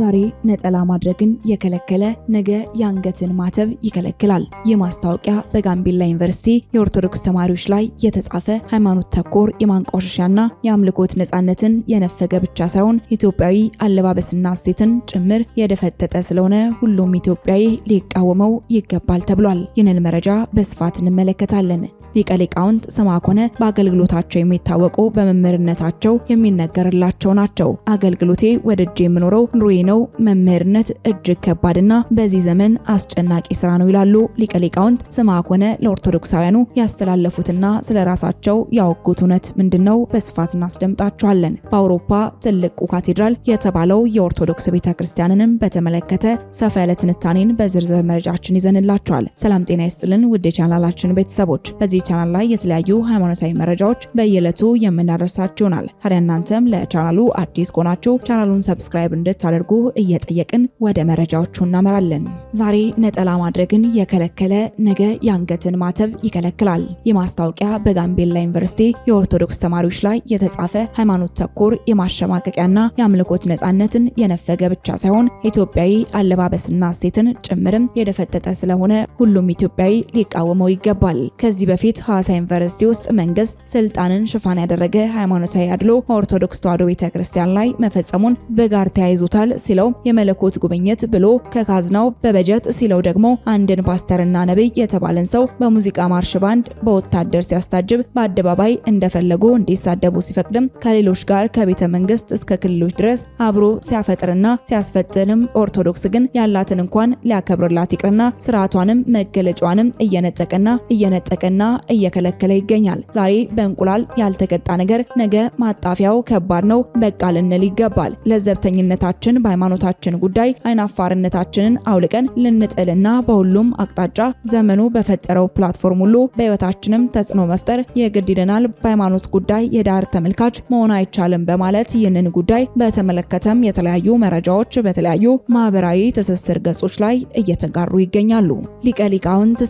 ዛሬ ነጠላ ማድረግን የከለከለ ነገ የአንገትን ማተብ ይከለክላል። ይህ ማስታወቂያ በጋምቤላ ዩኒቨርሲቲ የኦርቶዶክስ ተማሪዎች ላይ የተጻፈ ሃይማኖት ተኮር የማንቋሸሻና የአምልኮት ነፃነትን የነፈገ ብቻ ሳይሆን ኢትዮጵያዊ አለባበስና እሴትን ጭምር የደፈጠጠ ስለሆነ ሁሉም ኢትዮጵያዊ ሊቃወመው ይገባል ተብሏል። ይህንን መረጃ በስፋት እንመለከታለን። ሊቀ ሊቃውንት ስምዐኮነ በአገልግሎታቸው የሚታወቁ በመምህርነታቸው የሚነገርላቸው ናቸው። አገልግሎቴ ወደጄ የምኖረው ኑሮዬ ነው። መምህርነት እጅግ ከባድና በዚህ ዘመን አስጨናቂ ስራ ነው ይላሉ ሊቀ ሊቃውንት ስምዐኮነ። ለኦርቶዶክሳውያኑ ያስተላለፉትና ስለ ራሳቸው ያወጉት እውነት ምንድነው? በስፋት እናስደምጣችኋለን። በአውሮፓ ትልቁ ካቴድራል የተባለው የኦርቶዶክስ ቤተ ክርስቲያንንም በተመለከተ ሰፋ ያለ ትንታኔን በዝርዝር መረጃችን ይዘንላችኋል። ሰላም ጤና ይስጥልን ውድ የቻናላችን ቤተሰቦች በዚህ በዚህ ቻናል ላይ የተለያዩ ሃይማኖታዊ መረጃዎች በየዕለቱ የምናደርሳችሁናል። ታዲያ እናንተም ለቻናሉ አዲስ ከሆናችሁ ቻናሉን ሰብስክራይብ እንድታደርጉ እየጠየቅን ወደ መረጃዎቹ እናመራለን። ዛሬ ነጠላ ማድረግን የከለከለ ነገ የአንገትን ማተብ ይከለክላል። ይህ ማስታወቂያ በጋምቤላ ዩኒቨርሲቲ የኦርቶዶክስ ተማሪዎች ላይ የተጻፈ ሃይማኖት ተኮር የማሸማቀቂያና የአምልኮት ነጻነትን የነፈገ ብቻ ሳይሆን ኢትዮጵያዊ አለባበስና እሴትን ጭምርም የደፈጠጠ ስለሆነ ሁሉም ኢትዮጵያዊ ሊቃወመው ይገባል። ከዚህ በፊት ቤት ሐዋሳ ዩኒቨርሲቲ ውስጥ መንግስት ስልጣንን ሽፋን ያደረገ ሃይማኖታዊ አድሎ ኦርቶዶክስ ተዋሕዶ ቤተ ክርስቲያን ላይ መፈጸሙን በጋር ተያይዞታል ሲለው የመለኮት ጉብኝት ብሎ ከካዝናው በበጀት ሲለው ደግሞ አንድን ፓስተርና ነቢይ የተባለን ሰው በሙዚቃ ማርሽ ባንድ በወታደር ሲያስታጅብ በአደባባይ እንደፈለጉ እንዲሳደቡ ሲፈቅድም ከሌሎች ጋር ከቤተ መንግስት እስከ ክልሎች ድረስ አብሮ ሲያፈጥርና ሲያስፈጥንም ኦርቶዶክስ ግን ያላትን እንኳን ሊያከብርላት ይቅርና ስርዓቷንም መገለጫዋንም እየነጠቀና እየነጠቀና እየከለከለ ይገኛል። ዛሬ በእንቁላል ያልተቀጣ ነገር ነገ ማጣፊያው ከባድ ነው፣ በቃ ልንል ይገባል። ለዘብተኝነታችን በሃይማኖታችን ጉዳይ አይናፋርነታችንን አውልቀን ልንጥልና በሁሉም አቅጣጫ ዘመኑ በፈጠረው ፕላትፎርም ሁሉ በህይወታችንም ተጽዕኖ መፍጠር የግድ ይለናል። በሃይማኖት ጉዳይ የዳር ተመልካች መሆን አይቻልም በማለት ይህንን ጉዳይ በተመለከተም የተለያዩ መረጃዎች በተለያዩ ማህበራዊ ትስስር ገጾች ላይ እየተጋሩ ይገኛሉ። ሊቀ ሊቃውንት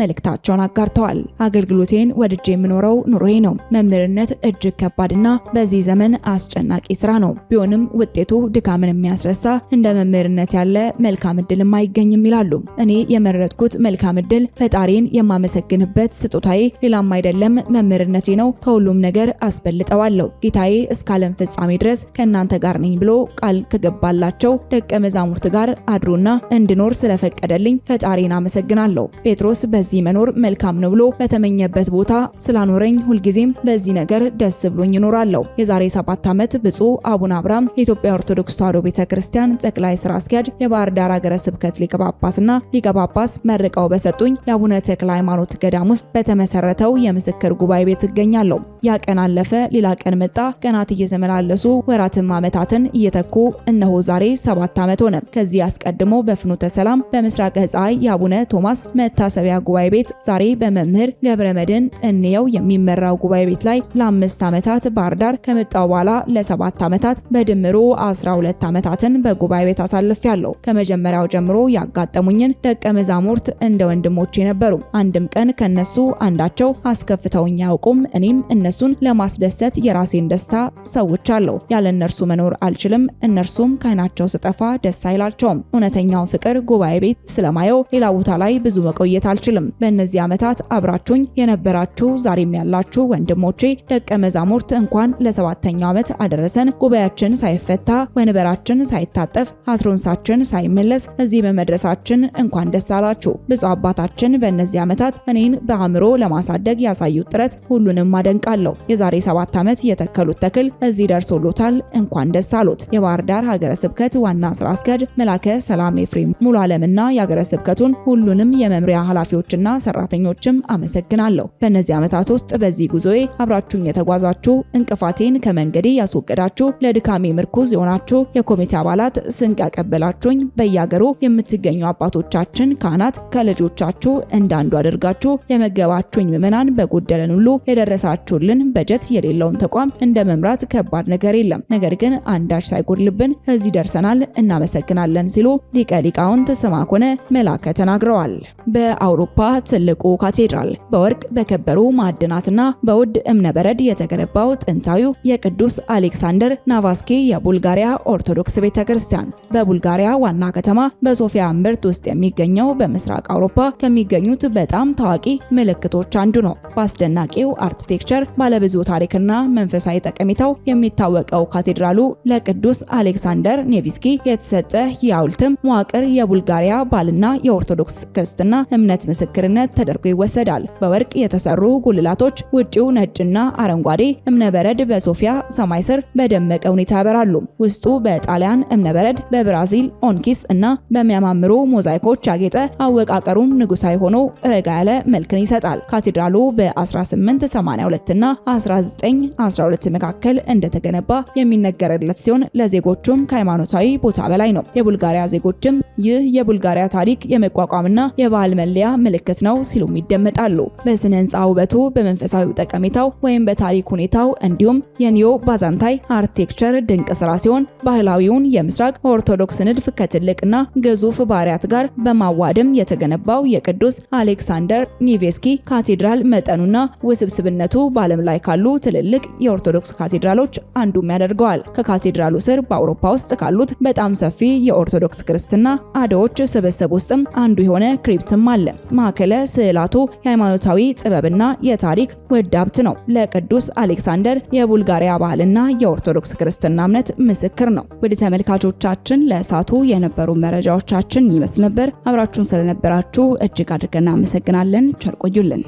መልእክታቸውን አጋርተዋል። ተሰጥተዋል። አገልግሎቴን ወድጄ የምኖረው ኑሮዬ ነው። መምህርነት እጅግ ከባድና በዚህ ዘመን አስጨናቂ ስራ ነው። ቢሆንም ውጤቱ ድካምን የሚያስረሳ እንደ መምህርነት ያለ መልካም እድልም አይገኝም ይላሉ። እኔ የመረጥኩት መልካም እድል ፈጣሪን የማመሰግንበት ስጦታዬ ሌላም አይደለም መምህርነቴ ነው። ከሁሉም ነገር አስበልጠዋለሁ። ጌታዬ እስከ ዓለም ፍጻሜ ድረስ ከእናንተ ጋር ነኝ ብሎ ቃል ከገባላቸው ደቀ መዛሙርት ጋር አድሮና እንድኖር ስለፈቀደልኝ ፈጣሪን አመሰግናለሁ። ጴጥሮስ በዚህ መኖር መልካም ነው ብሎ በተመኘበት ቦታ ስላኖረኝ ሁልጊዜም በዚህ ነገር ደስ ብሎኝ ይኖራለሁ። የዛሬ ሰባት ዓመት ብፁዕ አቡነ አብርሃም የኢትዮጵያ ኦርቶዶክስ ተዋሕዶ ክርስቲያን ጠቅላይ ስራ አስኪያጅ፣ የባህር ዳር ሀገረ ስብከት ሊቀ ጳጳስና ሊቀ ጳጳስ መርቀው በሰጡኝ የአቡነ ተክለ ሃይማኖት ገዳም ውስጥ በተመሰረተው የምስክር ጉባኤ ቤት እገኛለሁ። ያ ቀን አለፈ፣ ሌላ ቀን መጣ። ቀናት እየተመላለሱ ወራትም ዓመታትን እየተኩ እነሆ ዛሬ ሰባት ዓመት ሆነ። ከዚህ አስቀድሞ በፍኖተ ሰላም በምስራቅ ፀሐይ የአቡነ ቶማስ መታሰቢያ ጉባኤ ቤት ዛሬ በመ መምህር ገብረ መድን እንየው የሚመራው ጉባኤ ቤት ላይ ለአምስት ዓመታት ባህር ዳር ከመጣው በኋላ ለሰባት ዓመታት በድምሩ 12 ዓመታትን በጉባኤ ቤት ያለው። ከመጀመሪያው ጀምሮ ያጋጠሙኝን ደቀ መዛሙርት እንደ ወንድሞቼ ነበሩ። አንድም ቀን ከነሱ አንዳቸው አስከፍተውኝ አያውቁም። እኔም እነሱን ለማስደሰት የራሴን ደስታ ሰውቻለሁ። ያለ እነርሱ መኖር አልችልም። እነርሱም ከዓይናቸው ስጠፋ ደስ አይላቸውም። እውነተኛውን ፍቅር ጉባኤ ቤት ስለማየው ሌላ ቦታ ላይ ብዙ መቆየት አልችልም። በእነዚህ ዓመታት አብራችሁኝ የነበራችሁ ዛሬም ያላችሁ ወንድሞቼ ደቀ መዛሙርት እንኳን ለሰባተኛው ዓመት አደረሰን። ጉባኤያችን ሳይፈታ ወንበራችን ሳይታጠፍ አትሮንሳችን ሳይመለስ እዚህ በመድረሳችን እንኳን ደስ አላችሁ። ብፁዕ አባታችን በእነዚህ ዓመታት እኔን በአእምሮ ለማሳደግ ያሳዩት ጥረት ሁሉንም አደንቃለሁ። የዛሬ ሰባት ዓመት የተከሉት ተክል እዚህ ደርሶሎታል። እንኳን ደስ አሉት። የባህር ዳር ሀገረ ስብከት ዋና ስራ አስኪያጅ መላከ ሰላም ኤፍሬም ሙሉ ዓለምና የሀገረ ስብከቱን ሁሉንም የመምሪያ ኃላፊዎችና ሰራተኞችም አመሰግናለሁ። በእነዚህ ዓመታት ውስጥ በዚህ ጉዞዬ አብራችሁኝ የተጓዛችሁ፣ እንቅፋቴን ከመንገዴ ያስወገዳችሁ፣ ለድካሜ ምርኩዝ የሆናችሁ የኮሚቴ አባላት ስንቅ ያቀበላችሁኝ፣ በያገሩ የምትገኙ አባቶቻችን ካህናት ከልጆቻችሁ እንዳንዱ አድርጋችሁ የመገባችሁኝ ምዕመናን፣ በጎደለን ሁሉ የደረሳችሁልን፣ በጀት የሌለውን ተቋም እንደ መምራት ከባድ ነገር የለም፣ ነገር ግን አንዳች ሳይጎድልብን እዚህ ደርሰናል፣ እናመሰግናለን ሲሉ ሊቀ ሊቃውንት ስምዐኮነ መላከ ተናግረዋል። በአውሮፓ ትልቁ ካቴድራል ያበድራል። በወርቅ በከበሩ ማዕድናትና በውድ እምነበረድ የተገነባው ጥንታዊው የቅዱስ አሌክሳንደር ናቫስኪ የቡልጋሪያ ኦርቶዶክስ ቤተ ክርስቲያን በቡልጋሪያ ዋና ከተማ በሶፊያ እምብርት ውስጥ የሚገኘው በምስራቅ አውሮፓ ከሚገኙት በጣም ታዋቂ ምልክቶች አንዱ ነው። በአስደናቂው አርኪቴክቸር፣ ባለብዙ ታሪክና መንፈሳዊ ጠቀሜታው የሚታወቀው ካቴድራሉ ለቅዱስ አሌክሳንደር ኔቪስኪ የተሰጠ የሐውልትም መዋቅር የቡልጋሪያ ባልና የኦርቶዶክስ ክርስትና እምነት ምስክርነት ተደርጎ ይወሰዳል። ይወለዳል። በወርቅ የተሰሩ ጉልላቶች ውጪው ነጭና አረንጓዴ እብነበረድ በሶፊያ ሰማይ ስር በደመቀ ሁኔታ ያበራሉ። ውስጡ በጣሊያን እብነበረድ፣ በብራዚል ኦንኪስ እና በሚያማምሩ ሞዛይኮች ያጌጠ አወቃቀሩም ንጉሳዊ ሆኖ ረጋ ያለ መልክን ይሰጣል። ካቴድራሉ በ1882 እና 1912 መካከል እንደተገነባ የሚነገርለት ሲሆን ለዜጎቹም ከሃይማኖታዊ ቦታ በላይ ነው። የቡልጋሪያ ዜጎችም ይህ የቡልጋሪያ ታሪክ የመቋቋምና የባህል መለያ ምልክት ነው ሲሉም ይደመጣሉ። በስነ ህንፃ ውበቱ፣ በመንፈሳዊ ጠቀሜታው ወይም በታሪክ ሁኔታው እንዲሁም የኒዮ ባዛንታይ አርኪቴክቸር ድንቅ ስራ ሲሆን ባህላዊውን የምስራቅ ኦርቶዶክስ ንድፍ ከትልቅና ግዙፍ ባሪያት ጋር በማዋደም የተገነባው የቅዱስ አሌክሳንደር ኒቬስኪ ካቴድራል መጠኑና ውስብስብነቱ በዓለም ላይ ካሉ ትልልቅ የኦርቶዶክስ ካቴድራሎች አንዱም ያደርገዋል። ከካቴድራሉ ስር በአውሮፓ ውስጥ ካሉት በጣም ሰፊ የኦርቶዶክስ ክርስትና አዶዎች ስብስብ ውስጥም አንዱ የሆነ ክሪፕትም አለ። ማዕከለ ስዕላቱ የሃይማኖታዊ ጥበብና የታሪክ ውድ ሀብት ነው። ለቅዱስ አሌክሳንደር የቡልጋሪያ ባህልና የኦርቶዶክስ ክርስትና እምነት ምስክር ነው። ወደ ተመልካቾቻችን ለእሳቱ የነበሩ መረጃዎቻችን ይመስሉ ነበር። አብራችሁን ስለነበራችሁ እጅግ አድርገን እናመሰግናለን። ቸር ቆዩልን።